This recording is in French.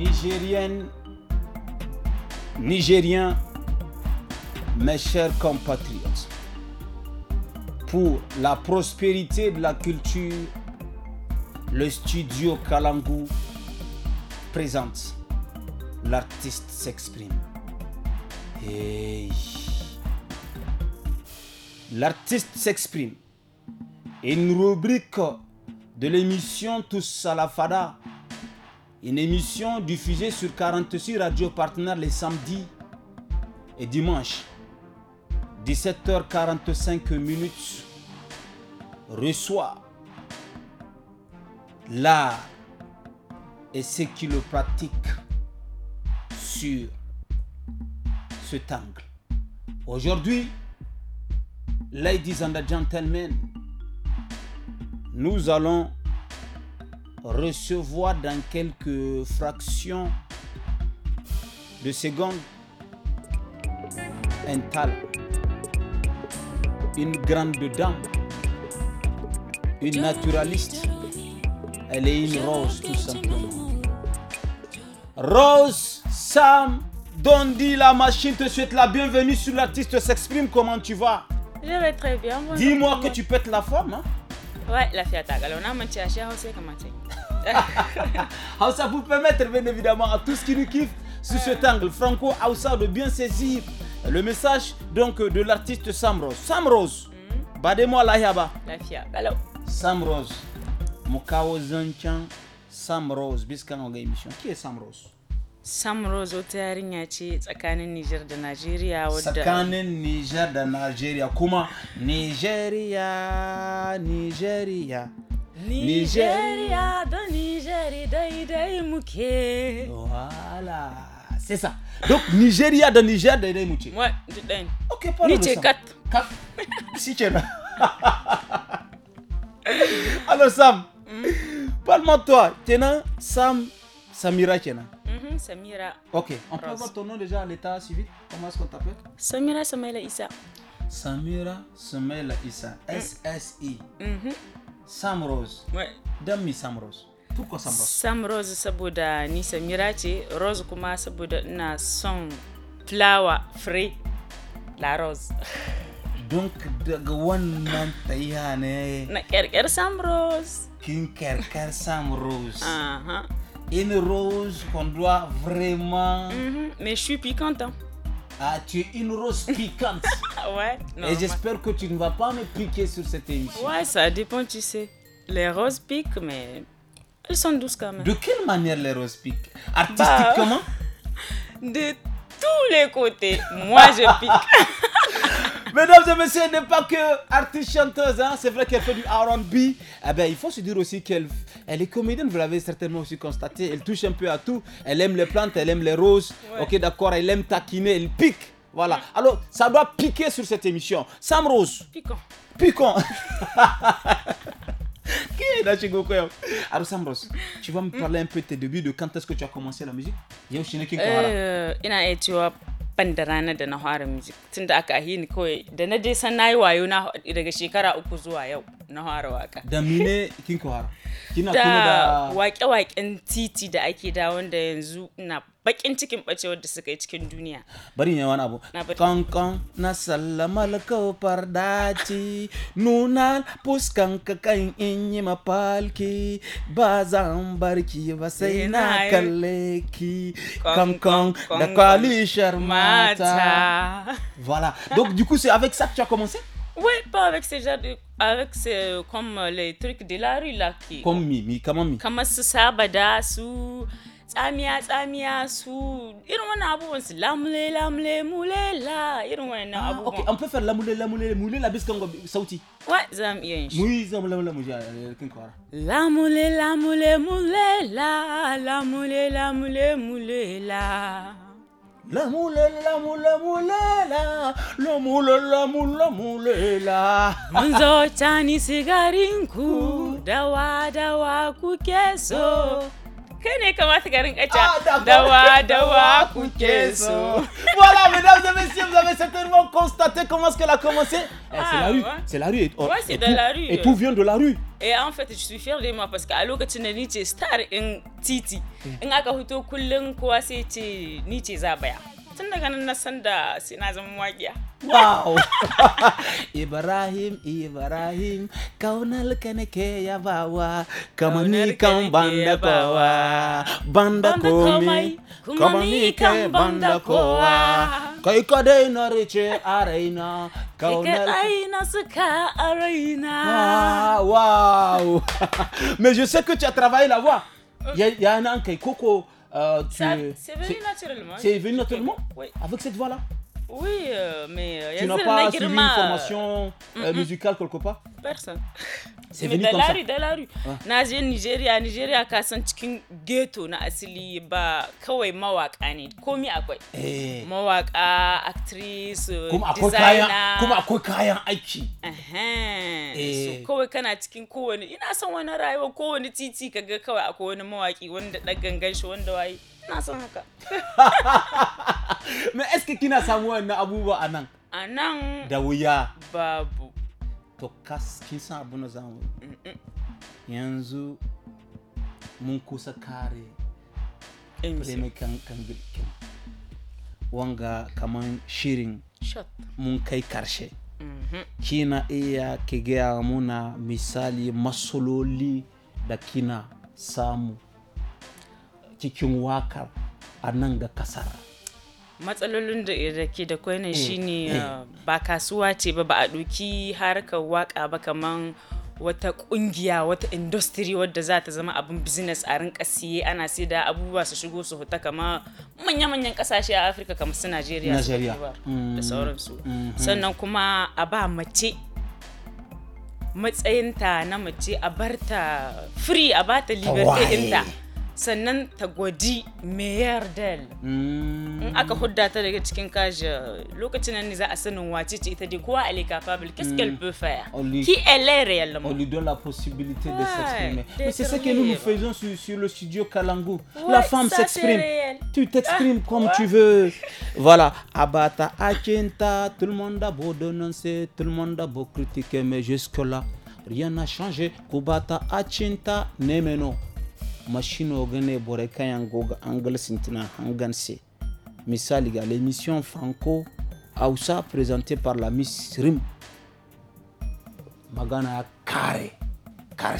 Nigérien, Nigériens, mes chers compatriotes, pour la prospérité de la culture, le studio Kalangu présente l'artiste s'exprime. Et L'artiste s'exprime. Une rubrique de l'émission Tous à une émission diffusée sur 46 Radio partenaires les samedis et dimanches. 17h45 minutes reçoit l'art et ce qui le pratique sur cet angle. Aujourd'hui, ladies and gentlemen, nous allons recevoir dans quelques fractions de secondes un tal, une grande dame, une naturaliste. Elle est une rose tout simplement. Rose Sam Dondi, la machine te souhaite la bienvenue sur l'artiste s'exprime. Comment tu vas Je vais très bien. Dis-moi que tu pètes la forme. Hein? Ouais, la fiataga. Alors on a un petit comment Hausa vous permettre bien évidemment à tous qui nous kiffent sur cet angle franco Hausa de bien saisir le message donc de l'artiste Sam Rose. Sam Rose, moi mhm. la yaba. La fia, Rose, Samrose, Mukao Zanchan, Samrose, biskan en émission. Qui est Samrose? Samrose au yarinya ce tsakanin Niger da Nigeria, sakane tsakanin Niger da Nigeria. kuma Nigeria, Nigeria, Nigeria. Voilà, c'est ça. Donc, Nigeria de Niger de Mouché. Ouais, de Ok, parle Niger 4. 4. Si tu Alors, Sam, hmm. parle-moi de toi. là, Sam Samira là. Mhm, Samira. Ok, on peut avoir ton nom déjà à l'état civil Comment est-ce qu'on t'appelle Samira Samaila Issa. Samira Samaila Issa. Hmm. S-S-I. Mhm. Sam Rose. Ouais. Donne-moi Sam Rose pourquoi Sam Rose Sam Rose ni Samira ce Rose kuma saboda ina son flower free la Rose donc daga wannan tsayiya ne na ker Sam Rose kin ker Sam Rose uh une rose qu'on doit vraiment mhm, mais je suis piquante hein. Ah, tu es une rose piquante. Ah ouais. Non, Et j'espère que tu ne vas pas me piquer sur cette émission. Ouais, ça dépend, tu sais. Les roses piquent, mais elles sont douces quand même. De quelle manière les roses piquent bah, Artistiquement De tous les côtés. Moi, je pique. Mesdames et messieurs, elle n'est pas que artiste chanteuse, hein. c'est vrai qu'elle fait du RB. Eh ben, il faut se dire aussi qu'elle elle est comédienne, vous l'avez certainement aussi constaté. Elle touche un peu à tout. Elle aime les plantes, elle aime les roses. Ok, d'accord, elle aime taquiner, elle pique. Voilà. Alors, ça doit piquer sur cette émission. Sam Rose. Piquant. Piquant. Là, beaucoup. Alors, Sambros, tu vas me parler un peu de tes débuts, de quand est-ce que tu as commencé la musique Yau shi ne kin fara? Ina iya cewa ban da ranar da na fara music tun da aka ni kawai da na je san nayi wayo na daga shekara uku zuwa yau na fara waka. Da mine kin fara? Kina da waƙe-waƙen titi da ake da wanda yanzu ina bakin cikin bacewar da suka yi cikin duniya bari ne wani abu kankan na sallama kofar daci nuna fuskan ka kan in yi mafalki ba zan barki ba sai na kalle ki kankon da kwalishar mata voilà donc du coup c'est avec ça que tu as commencé Oui, pas avec ces genre de, avec ces, comme les trucs de la rue là qui. Comme Mimi, comment Mimi? Comment ce sabada, sous. tsamiya tsamiya su irin wannan abubuwan su lamule lamule mulela irin wannan ah, abubuwan okay an fafar lamule lamule mulela bis kan sauti wa zam iya yin shi muyi zam lamule mu ja eh, eh, kin kwara lamule lamule mulela lamule lamule mulela Lamule lamule mulela lamule lamule mulela Mun zo tani sigarin ku dawa dawa kuke so Kai ne kamata ka rinka ah, dawa dawa kuke Voilà, mesdames et messieurs, vous avez certainement constaté comment est-ce qu'elle a commencé. Ah, ah, c'est la rue, c'est la rue. Et, oh, tout, la rue. Et tout vient de la rue. Et en fait, je suis fière de moi parce qu'à tu n'es ni chez star in titi, Un mm. aka fito kullun kowa sai ce ni zabaya. tun daga nan na san da sai na zama waƙiya wow ibrahim ibrahim kaunar ka nake yabawa kamar ni kan banda kowa banda komai kamar ni kan banda kowa kai ka dai rice a raina kaunar aina suka a raina ah, wow je sais que tu as travaillé la voix il y a un an koko Euh, tu... C'est venu naturellement. C'est venu naturellement Oui. Avec cette voix-là Oui, euh, mais euh, tu n'as pas suivi une formation euh, mm, mm. musicale quelque part Personne. C'est venu comme ça. Da la rue, ah. Na je Nigeria, Nigeria ka san cikin ghetto na asili ba kawai mawaka ne, komi akwai. Eh. Mawaka, actress, uh, kuma akwai kayan kuma akwai kayan aiki. Eh. So kawai kana cikin kowane ina san wani rayuwa kowane titi kaga kawai akwai wani mawaki wanda dan gangan shi wanda waye. na son haka na eske kina samu wannan abubuwa a nan a nan da wuya babu to kas kin san abin da za yanzu mun kusa kare kan girkin wanga kaman shirin mun kai karshe mm-hmm. kina iya ki gaya muna misali masololi da kina samu cikin wakar a nan ga kasar matsalolin da ke da kwanan eh, shine eh. Ah, ba kasuwa ce ba ba a ɗauki harkar waka ba kaman wata kungiya wata industry wadda za ta zama abin business a rinka siye ana sai da abubuwa su shigo su huta kama manya-manyan kasashe a afirka kamar su nigeria da mm. sauransu mm-hmm. sannan kuma a ba mace matsayinta na mace a barta free a bata liberty inta sannan ta gwadi mayar del hmm. in aka hudda ta daga cikin kaji lokacin nan ne za a sanin wace ita elle est capable qu'est-ce qu'elle hmm. peut faire qui elle est réellement on lui donne la possibilité de s'exprimer mais c'est ce que nous nous faisons sur, le studio Kalangu la femme s'exprime tu t'exprimes ah, comme tu veux voilà abata achinta. tout le monde a beau dénoncer tout le monde a beau critiquer mais jusque là rien n'a changé kubata achinta nemeno Machine ne bore kayangoga angal sintina Mais misaliga l'émission franco a présenté par la Miss Rim magana kare kare